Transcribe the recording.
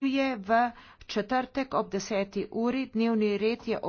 nadaljuje v četrtek ob deseti uri dnevni red je ob